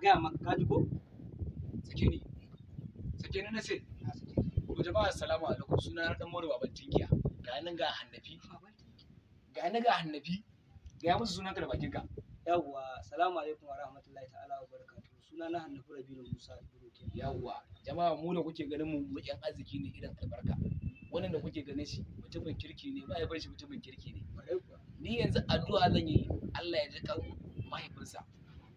gaya maka ka ji ko sake ni sake ni na ce to jama'a assalamu alaikum suna na dan mori baban tinkiya ga nan ga hannafi ga nan ga hannafi ga ya musu sunanka da bakinka yawwa assalamu alaikum wa rahmatullahi ta'ala wa barakatuh suna na hannafi rabilu musa ibrahim yawwa jama'a mu da kuke ganin mu wajen arziki ne irin albarka wannan da kuke ganin shi mutumin kirki ne ba ya bar shi mutumin kirki ne ni yanzu addu'a zan yi Allah ya ji kan mahaifinsa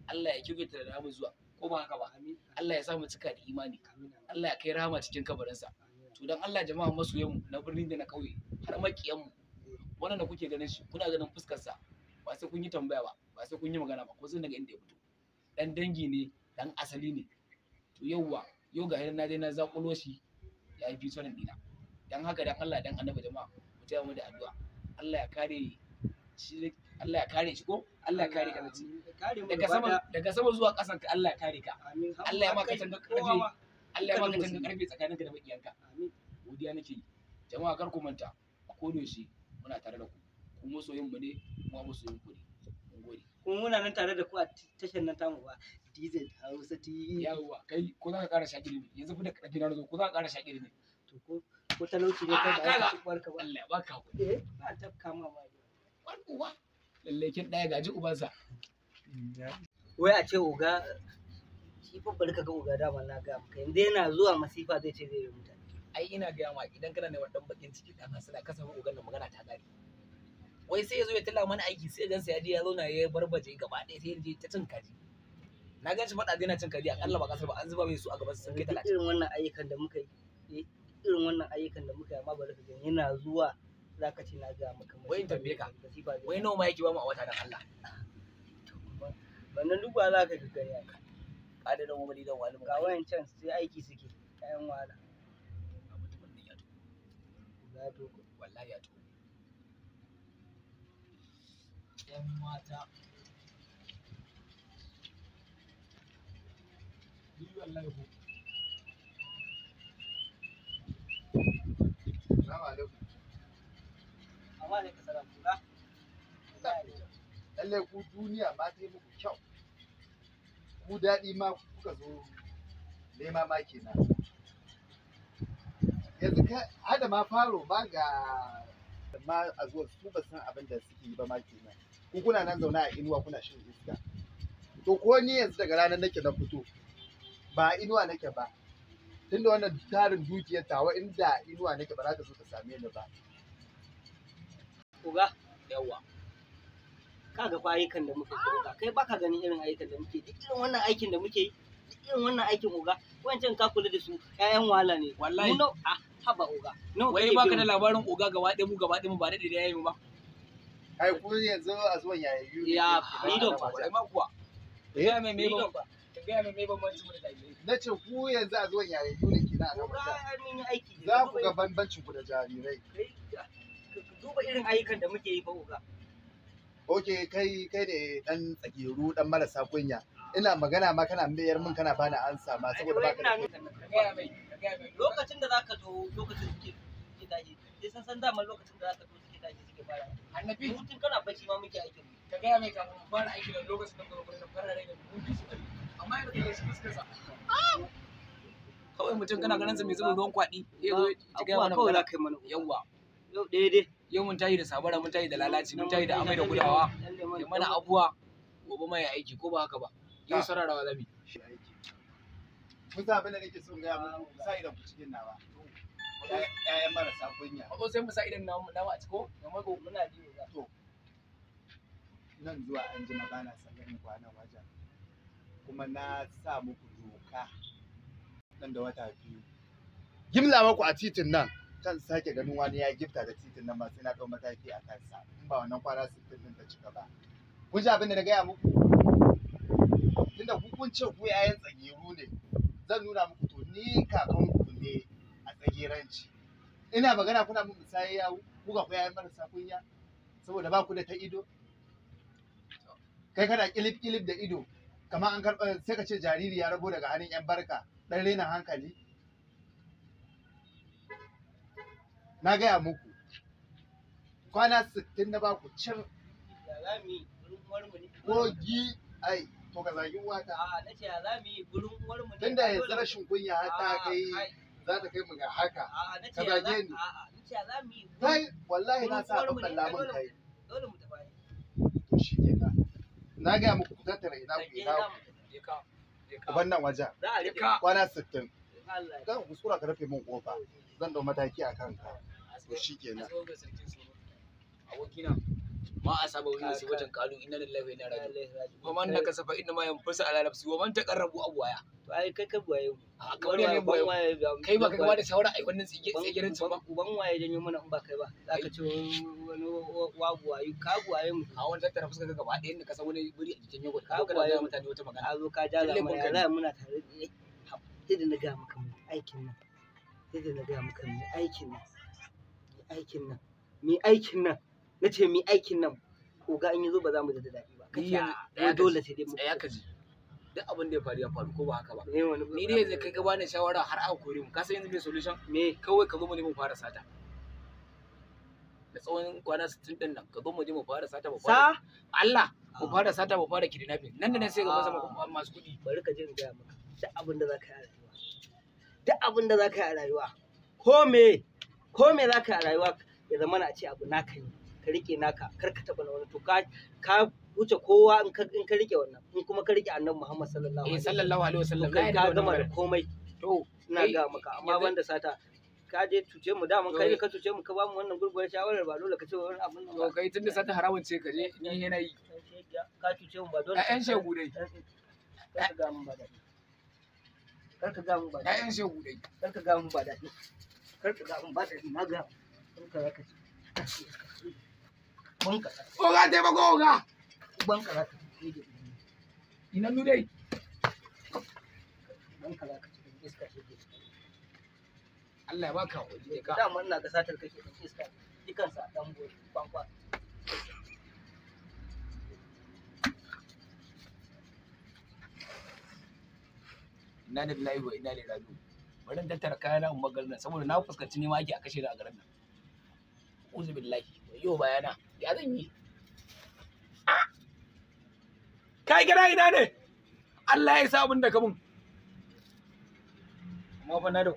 Allah ya ta da mu zuwa ko ba haka ba Allah ya sa mu cika da imani Allah ya kai rahama cikin kabarinsa to dan Allah jama'a masoyan mu na birnin da na kauye har makiyan mu wannan da kuke ganin shi kuna ganin fuskar sa ba sai kun yi tambaya ba ba sai kun yi magana ba ko sun daga inda ya fito dan dangi ne dan asali ne to yauwa yau ga na dai na zakulo shi ya yi bisonin dina dan haka dan Allah dan annabi jama'a mu taya mu da addu'a Allah ya kare shi Allah ya kare shi ko Allah ya kare ka naji daga sama daga sama zuwa kasan ka Allah ya kare ka Allah ya maka tanga karfi Allah ya maka tanga karfi tsakaninka da bakiyanka godiya nake jama'a kar ku manta a shi muna tare da ku ku masoyin mu ne kuma masoyin ku ne mun gode kuma muna nan tare da ku a tashar nan tamu ba DZ Hausa TV yawa kai ko za ka ƙara shakiri ne yanzu fa da karfi na zo ko za ka ƙara shaƙi ne to ko ko talauci ne ah, kai da ka barka Allah ya baka ku eh ba tafka ma ba wani uwa lalle kin ɗaya gaji ubansa wai a ce uga shi fa bari ka ga uga da na ga maka inda yana zuwa masifa zai ce zai yi mutane ai ina ga ma idan kana neman dan bakin ciki dan hasala ka samu ugan nan magana ta gari wai sai ya zo ya tilla mana aiki sai gansa ya je ya zauna ya barbaje gaba ɗaya sai ya je ta cin kaji na gan shi faɗa na cin kaji akalla ba kasar ba an zuba mai su a gaban sun kai talatin irin wannan ayyukan da muka yi irin wannan ayyukan da muka yi amma bari ka gani yana zuwa za ka ce na ga maka wai in tambaye ka wai nawa ma yake ba mu a wata da Allah wannan duk ba za ka ga gari ka kada da wani dan ga sai aiki suke kayan wala ya to wallahi ya to yan mata ni wallahi lallai ku duniya ma ta yi muku kyau ku daɗi ma kuka zo nema ma kenan yanzu ka hada ma faro ma ga ma a zuwa su ba san abin da suke yi ba ma kenan ku kuna nan zaune a inuwa kuna shan iska to ko ni yanzu daga ranar nake na fito ba a inuwa nake ba tunda wannan tarin dukiyar tawa inda inuwa nake ba za ta zo ta same ni ba koga yawa kaga fa ayyukan da muke koga kai baka ganin irin ayyukan da muke duk irin wannan aikin da muke duk irin wannan aikin koga wancan ka kula da su ƴaƴan wahala ne wallahi no a haba koga no wai baka da labarin oga gaba ɗaya mu gaba ɗaya mu ba da da yayin ba ai ku yanzu a zuwan yayi ya ni ba ai ma kuwa ya mai mai ba gaya mai da jarirai. Na ce ku yanzu a zuwan yayin dole ke na a nan Za ku ga bambancin ku da jarirai. duba irin ayyukan da muke yi ba uba. ok kai kai ne dan tsakiru marasa kunya ina magana ma kana mayar mun kana bani ansa ma saboda ka da lokacin da zaka zo lokacin suke suke daji sai san san daman lokacin da zaka zo suke daji suke fara annabi mutun kana bacci ma muke aiki ka ga mai kafin fara aiki da lokacin da ka fara fara rage mutum amma yadda kake shi kawai mutum kana ganin sa mai zuba ruwan kwadi yawa kawai za ka yi yau mun tashi da sabara mun tashi da lalaci mun tashi da amai da gudawa da mana abuwa gobe mai aiki ko ba haka ba yau ah. sararawa zabi musa abin da nake son gaya mun sa idan ku cikin nawa ƴaƴan marasa kunya ko sai mu sa idan nawa a ciko da mako muna ji to nan zuwa an jima bana sanin kwanan wajen kuma na sa muku doka nan da wata biyu gimla maku a titin nan kan sake ganin wani ya gifta da titin nan ba sai na ɗau mataki a kansa in ba wannan kwana sittin ɗin ta cika ba kun ji abin da na gaya muku tunda ku kun ce ku yayan tsagiru ne zan nuna muku to ni kakanku ne a tsagiranci ina magana kuna min misali yawo ku ga ku yayan marasa kunya saboda ba ku da ta ido kai kana kilif kilif da ido kamar an karɓa sai ka ce jariri ya rabo daga hannun yan barka ɗan rena hankali na gaya muku kwana 60 na baku cin kogi ai to ka zagi a yi tunda yanzu rashin kunya ta kai za ta kai mu ga haka ka zage ni Ta yi kai wallahi na sa abin lamun kai to shi na gaya muku ku tattara ina ku ina ku wannan wajen kwana 60 kan kuskura ka rufe min kofa zan dau mataki a kanka to shikenan abokina ma asaba wani sai wajen kalu inna lillahi wa man ma yanfusu ala nafsi wa man taqarrabu to ai kai buwaye a kamar ne buwaye kai ba ka gaba da shawara ai wannan tsige tsigirin ta ba uban waye janyo mana in ba kai ba ce wani wa buwaye ka buwaye mu a wannan tattara fuskar gaba ɗaya inda ka wani buri a jikin yau ka buwaye mutane wata magana a zo ka ja ga mai za muna tare da yadda na maka aikin nan na maka aikin nan aikin nan mi aikin nan na ce mi aikin nan oga in zo ba za mu ji daɗi ba kace ah, dole sai dai mu tsaya ka ji duk abin da ya faru ya faru ko ba haka ba eh, ni dai yanzu kai gaba bani shawara har aka kore mu ka san yanzu me solution me kawai ka zo mu ne mu fara sata da tsawon kwana 60 din nan ka zo mu je mu fara sata ba fara Allah mu ah. fara sata mu fara kidnapping nan da nan sai ga masa ah. masu kuɗi bari ka je in ga maka duk abin da zaka yi a rayuwa duk abin da zaka yi a rayuwa ko me ko me zaka a rayuwa ya zama a ce abu naka ne ka rike naka kar ka taba wani to ka ka wuce kowa in ka in ka rike wannan in kuma ka rike annabi Muhammad sallallahu eh, alaihi sallallahu alaihi wasallam kai ka gama da komai to ina ga maka amma banda sata ka je tuce mu da mun kai ka tuce mu ka ba mu wannan gurgurar shawarar ba dole ka ce wani abin nan to kai tunda sata haramun ce ka je ni yana yi ka tuce mu ba dole ƴan shegu dai ka ga mun ba daɗi kar ka ga mun ba daɗi ƴan shegu dai kar ka ga mun ba da ba da oga ba oga banka ina banka za ka ci iska ce Allah ya baka hakuri ka mun na ga satar kake da iska dukan sa dan boye kwankwa inna lillahi wa inna ilaihi raji'un bari in tattara kayana in bagar nan saboda na fuskanci nema ake a kashe da a garin nan uzu billahi yo bayana ya zan yi kai gida ina ne Allah ya sa abin da kamun amma fa na da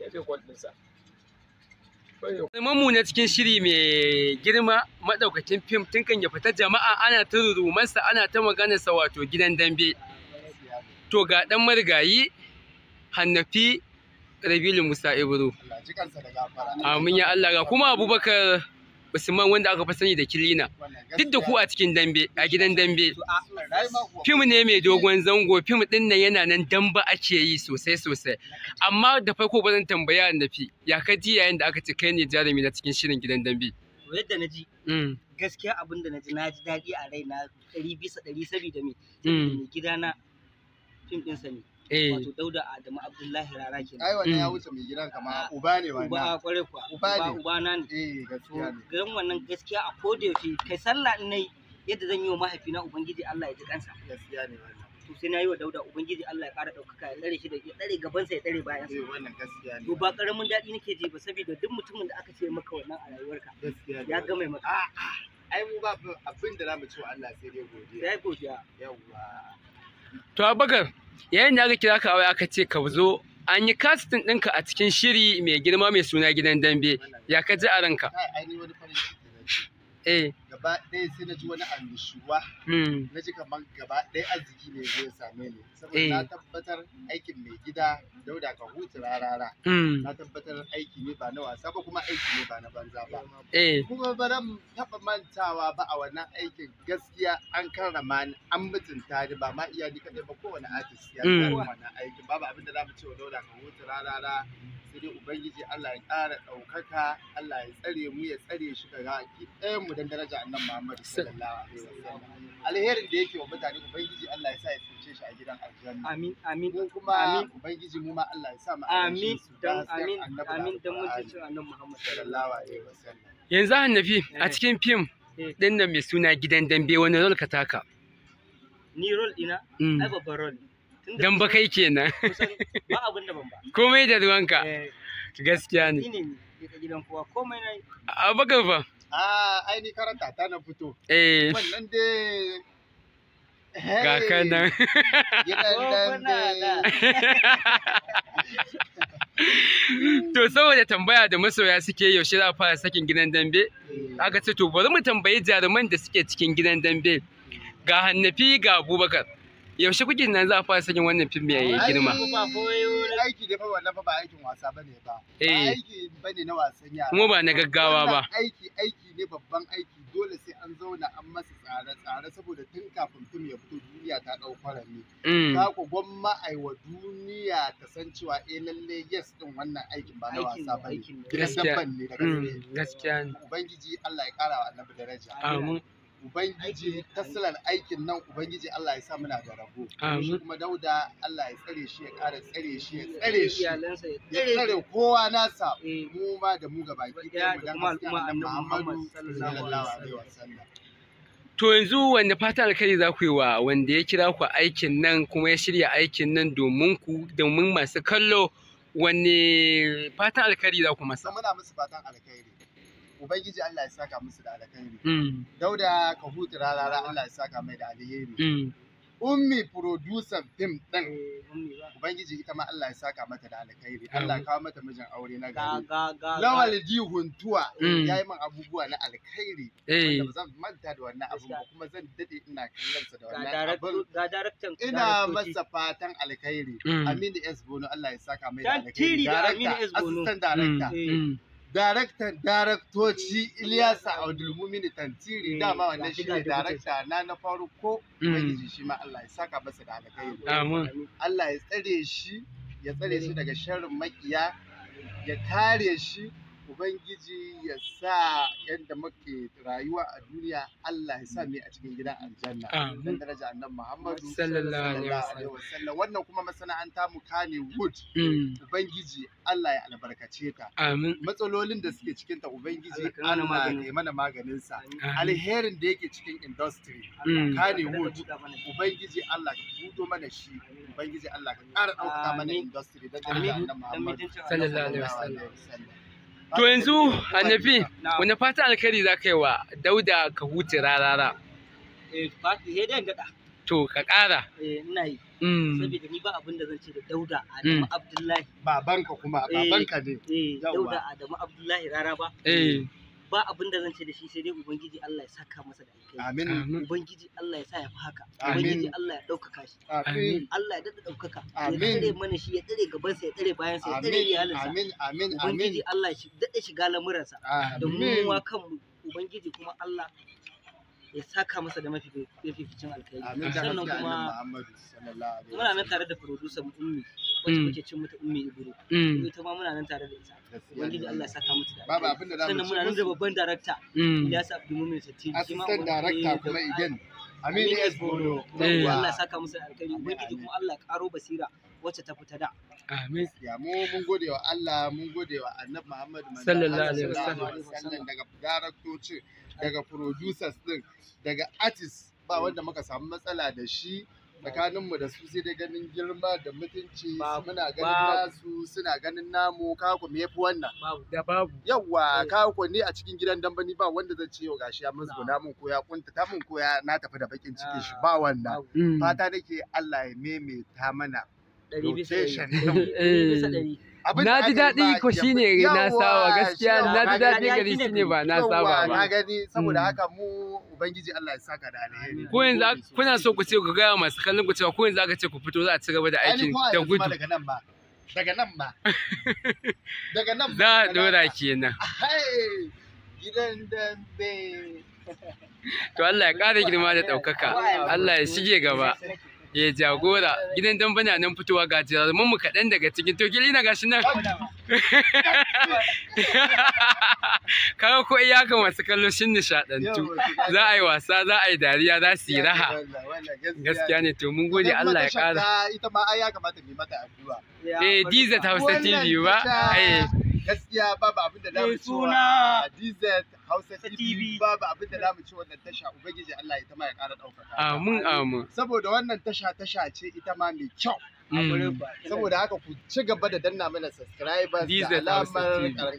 ya fi kwadinsa Mamu na cikin shiri mai girma madaukakin fim tun kan ya fita jama'a ana ta rurumansa ana ta maganarsa wato gidan dambe. to ga ɗan marigayi hannafi rabilu musa ibro amin ya allah ga kuma abubakar usman wanda aka fi sani da kilina duk da ku a cikin dambe a gidan dambe fim ne mai dogon zango fim din nan yana nan damba ake yi sosai sosai amma da farko bazan tambaya nafi ya ka ji yayin da aka ce kai ne jarumi na cikin shirin gidan dambe to yadda na ji mm. gaskiya abin da na ji na ji daɗi a raina ɗari bisa ɗari saboda mm. me gidana fim ɗinsa ne eh. wato dauda adamu abdullahi rara kenan ai wannan ya mm. wuce mai gidan kama uba ne wannan uba kuwa uba uba na ne eh gaskiya ne garin wannan gaskiya a koda yaushe kai sallah in nayi yadda zan yi wa mahaifina ubangiji Allah ya ji kansa gaskiya ne wannan to sai na yi wa dauda ubangiji Allah ya ƙara ɗaukaka ya tsare shi da ya tsare gabansa ya tsare bayan sa eh, wannan gaskiya ne to ba ƙaramin daɗi nake ji ba saboda duk mutumin da aka ce maka wannan a rayuwarka gaskiya ya ga mai maka ai mu ba abin da za mu ci wa Allah sai dai godiya sai godiya yawwa to abubakar yayin da aka kira ka waya aka ce ka zo an yi kastin ɗinka a cikin shiri mai girma mai suna gidan dambe ya ka ji a ranka Eh. gaba ɗaya sai na ji wani annishuwa hmm. na ji kamar gaba ɗaya arziki ne zai same ni saboda eh. na tabbatar aikin mai gida dauda ka hutu rarara hmm. na tabbatar aiki ne ba na wasa ba kuma aiki ne ba na banza ba eh. kuma ba taɓa mantawa ba a wannan aikin gaskiya an karrama ni an mutunta ni ba ma iya ni kaɗai ba kowane artist ya hmm. karrama wannan aikin babu abin da za mu ce dauda ka hutu rarara sai dai ubangiji Allah ya ƙara ɗaukaka Allah ya tsare mu ya tsare shi ga gaki ɗayan mu dan daraja annabi Muhammad sallallahu alaihi wasallam alherin da yake wa mutane ubangiji Allah ya sa ya tsince shi a gidan aljanna amin amin ko kuma amin ubangiji mu ma Allah ya sa mu amin dan amin amin dan mutuncin annabi Muhammad sallallahu alaihi wasallam yanzu annabi a eh. cikin fim din eh. da mai suna gidan dambe wani rol ka taka ni rol ina mm. ai babban rol ne dan ba kai kenan ba abin da ban ba komai da ruwanka eh. gaskiya ne ni ne gidan kowa komai na a baka fa a ai ni karanta ta na fito eh wannan da ga kanan to saboda tambaya da masoya suke yaushe za a fara sakin gidan dambe eh. aka ce to bari mu tambayi jaruman da suke cikin gidan dambe ga hannafi ga abubakar yaushe kuke nan za a fara sanin wannan fim ya girma aiki da fa wannan ba aikin wasa bane ba ba eh. aiki bane na wasan yara kuma ba na gaggawa ba aiki aiki ne babban aiki dole sai an zauna an masa tsare tsare saboda tun kafin fim ya fito duniya ta dau kwarami mm. Za ku gwamma aiwa duniya ta san cewa eh lalle yes din wannan aikin ba na wasa bane gaskiya ne mm, gaskiya ubangiji Allah ya kara wa annabi daraja amin Ubangiji tasirar aikin nan Ubangiji Allah ya sa muna da rabo. Shi kuma Dauda Allah ya tsare shi ya ƙara tsare shi ya tsare shi ya tsare kowa nasa eh. mu ma da mu gaba ki mu dan gaskiya Muhammadu sallallahu alaihi wasallam. To yanzu wanda fata alkhairi za ku yi wa wanda ya kira ku aikin nan kuma ya shirya aikin nan domin ku domin masu kallo wanne fatan alkhairi za ku masa? Muna musu fatan alkhairi. ubangiji Allah ya saka musu da alkhairi mm. dauda ka hutu rarara Allah ya saka mai da alheri mm. ummi producer film din eh, ubangiji ita ma Allah ya saka mata da alkhairi Allah ya kawo mata mijin aure na gari lawal di huntuwa mm. yayi min abubuwa na alkhairi eh. wanda ba zan manta da wannan abun ba kuma zan dade ina kallonsa da wannan abun ga director ina masa fatan alkhairi Aminu S Bono Allah ya saka mai da alkhairi director assistant director daraktan daraktoci Ilyasa Audulmumin Tantiri eh, dama wannan shi ne darakta na na farko mm. ubangiji shi ma Allah ya saka masa da alkhairi amin Allah ya tsare shi ya tsare shi daga sharrin makiya ya kare shi Ubangiji ya sa yadda muke rayuwa a duniya Allah ya sa mu a cikin gidan aljanna. Dan daraja annabi Muhammadu sallallahu alaihi wasallam. Wannan kuma masana'anta mu kane wood. Mm. Ubangiji Allah ya albarkace ta. Matsalolin da suke cikin ta Ubangiji Allah ya mana maganin sa. Alherin da yake cikin industry mm. kane wood. Ubangiji Allah ka buɗo mana shi. Ubangiji Allah ka ƙara ɗaukaka mana industry Dan daraja annabi Muhammadu sallallahu alaihi wasallam. To yanzu annabi wani fata alkhairi za ka yi wa dauda ka huce rarara? Eh, To ka ƙara. Eh, ina yi. Mm. Saboda ni ba abin da zan ce da dauda Adamu mm. Abdullahi. Babanka kuma, eh, babanka ne. Eh, dauda Adamu Abdullahi rara ba. Eh. ba abin da zan ce da shi sai dai ubangiji Allah ya saka masa da alkai amin ubangiji Allah ya sa ya fi haka ubangiji Allah ya daukaka shi amin Allah ya dada daukaka ya dare mana shi ya dare gaban sa ya dare bayan sa ya tsare iyalinsa amin amin amin ubangiji Allah ya dada shiga lamuransa da mu ma kanmu ubangiji kuma Allah ya saka masa da mafificin alkhairi sannan kuma muna nan tare da producer mu ummi wacce mm. muke cin mata ummi ibro mm. ita ma muna nan tare da ita ubangiji Allah ya saka mata da alkhairi sannan muna nan da babban director mm. Ilyas Abdulmumin Sattini shi ma assistant director kuma again Aminu S. Bono. Allah saka musu alkhairi. Ubangiji kuma Allah karo basira wacce ta fita da. Amin. Ya mu mun gode wa Allah mun gode wa Annabi Muhammad sallallahu alaihi wasallam daga directors daga producers din daga artist ba mm. wanda muka samu matsala da shi. tsakaninmu da su sai dai ganin girma da mutunci muna ganin nasu suna ganin namu kaku me yafi wannan da babu yawa eh. kaku ni a cikin gidan dan bani ba wanda zai ce yau gashi ya musguna mun ko ya kuntata mun koya na tafi da bakin ciki shi ah, ba wannan mm. Mm. fata nake Allah ya maimaita mana rotation na ji daɗi ko shine na saba gaskiya na ji daɗi gari shine ba na saba ba na gani saboda hmm. haka mu ubangiji Allah ya saka da alheri ko yanzu kuna so ku ce ku gaya masu kallon ku cewa ko yanzu aka ce ku fito za a ci gaba da aikin da gudu daga nan ba daga nan ba daga nan ba za a dora kenan gidan dambe to Allah ya ƙara girma da ɗaukaka Allah ya shige gaba ya jagora gidan dan bana nan fitowa ga mun mu kaɗan daga cikin to gili na gashi nan kaga ko iyaka masu kallo shin nishaɗantu za a yi wasa za a yi dariya za su yi raha gaskiya ne to mun gode Allah ya ƙara ita ma ai ya kamata mata addu'a eh diza ta Hausa TV ba eh gaskiya babu abin da zamu ci wa DZ Hausa TV babu abin da zamu ci wannan tasha ubangiji Allah ya ta ma ya ƙara ɗaukaka amin amin saboda wannan tasha tasha ce ita ma mai kyau mm. saboda haka ku ci gaba da danna mana subscribers da alamar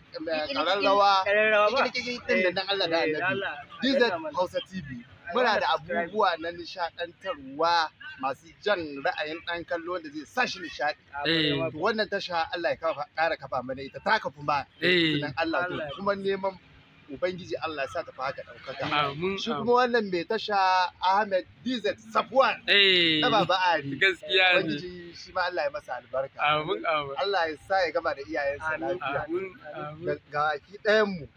kararrawa din da Allah da Annabi DZ Hausa TV muna da abubuwa na nishadantarwa masu jan ra'ayin ɗan kallo da zai sa shi nishaɗi. Eh. Wannan tasha Allah ya ƙara kafa mana ita ta kafu ma. Eh. Allah to kuma neman Ubangiji Allah ya sa ta haka ɗaukaka. Shi kuma wannan mai tasha Ahmed Dizet Safwan. Eh. Na Baba Ari. Gaskiya ne. Ubangiji shi ma Allah ya masa albarka. Amin amin. Allah ya sa ya gama da iyayensa lafiya. Amin amin. Ga baki ɗayan mu.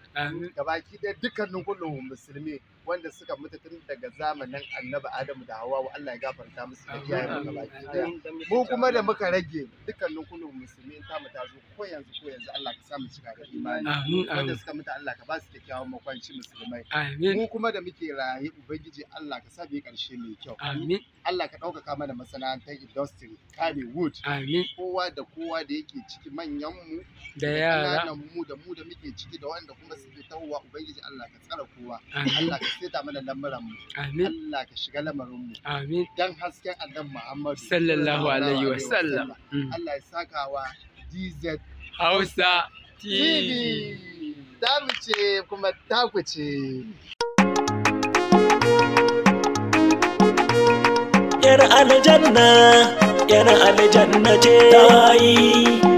Ga baki ɗaya dukkanin kullum musulmi. wanda suka mutu tun daga zamanin annabi adamu da hawa Allah ya gafarta musu da kiyaye mu baki daya mu kuma da muka rage dukkanin kullum musulmi ta mu ta zo ko yanzu ko yanzu Allah ka sa mu cika da imani wanda suka mutu Allah ka ba su kyakkyawan makwanci musulmai mu kuma da muke raye ubangiji Allah ka sa bi karshe mai kyau Allah ka ɗaukaka mana masana'antar industry kare wood kowa da kowa da yake ciki manyan mu da yara mu da mu da muke ciki da wanda kuma suke tawowa ubangiji Allah ka tsara kowa Allah ka saita mana lamuran mu Allah ka shiga lamarin mu amin hasken Muhammad sallallahu alaihi mm. ya saka DZ Hausa TV kuma Yar aljanna, yar aljanna ce ta yi.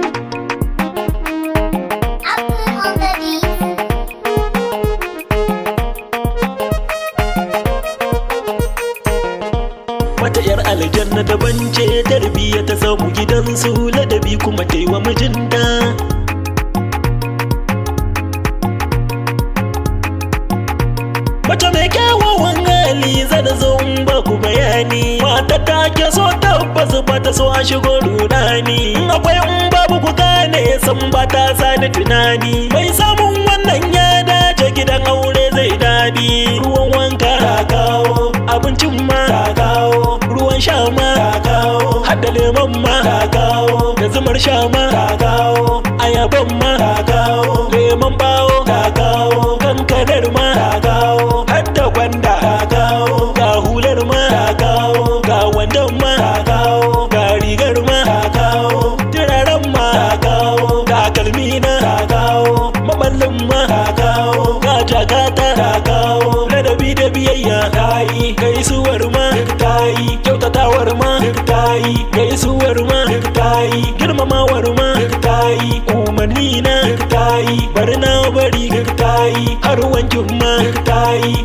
gasa da tunani mai samun wannan ya dace gidan aure zai dadi ruwan wanka ta kawo abincin ma ta kawo ruwan sha ma ta kawo hadda lemon ma ta kawo da zumar sha ma ta kawo na ta yi gaisuwar ma duk ta yi kyautatawar ma duk ta yi gaisuwar ma duk ta yi girmamawar ma duk ta yi umarni na duk ta yi bari na bari duk ta yi har wankin ma duk ta yi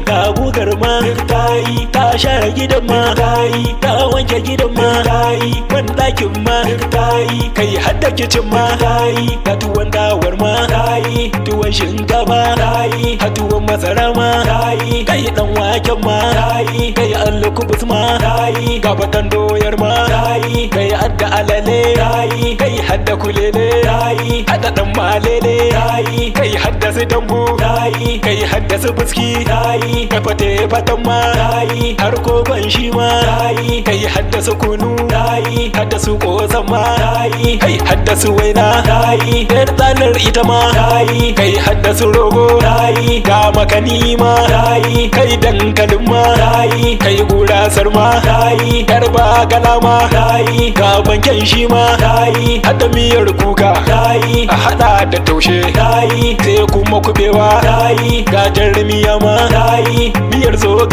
share gidan ma tayi ta wanke gidan ma tayi ban dakin ma tayi kai hadda kicin ma tayi ka tuwon dawar ma tayi tuwon shinkafa tayi ha tuwon masara ma tayi kai dan waken ma tayi kai allo kubus ma tayi gabatan doyar ma tayi kai adda alale tayi kai hadda kulele tayi hadda dan malele tayi kai hadda su dambu tayi kai hadda su biski tayi fate fatan ma nayi har ban shi ma nayi kai haddasa kunu nayi haddasu kosan ma yi kai haddasu waina yi yar tsanar ita ma yi kai su rogo yi ga makani ma yi kai dankalin ma yi kai gurasar ma nayi yar bagala ma nayi ga banken shi ma yi hadda miyar kuka yi a hada da taushe yi sai kuma kubewa yi ga jarmiya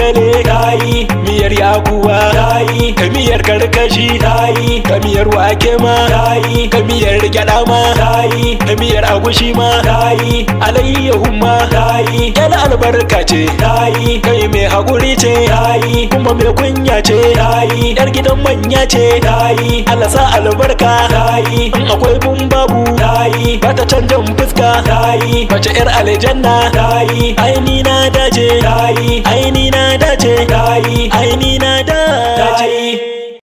zogale tayi miyar yakuwa tayi ka miyar karkashi tayi ka miyar wake ma tayi ka miyar gyada ma tayi ka miyar agushi ma tayi alayyahu ma tayi yar albarka ce tayi kai mai hakuri ce tayi kuma mai kunya ce tayi yar gidan manya ce tayi Allah sa albarka tayi in akwai bun babu tayi ba ta canjan fuska tayi mace yar aljanna tayi aini na dace tayi aini na I aini na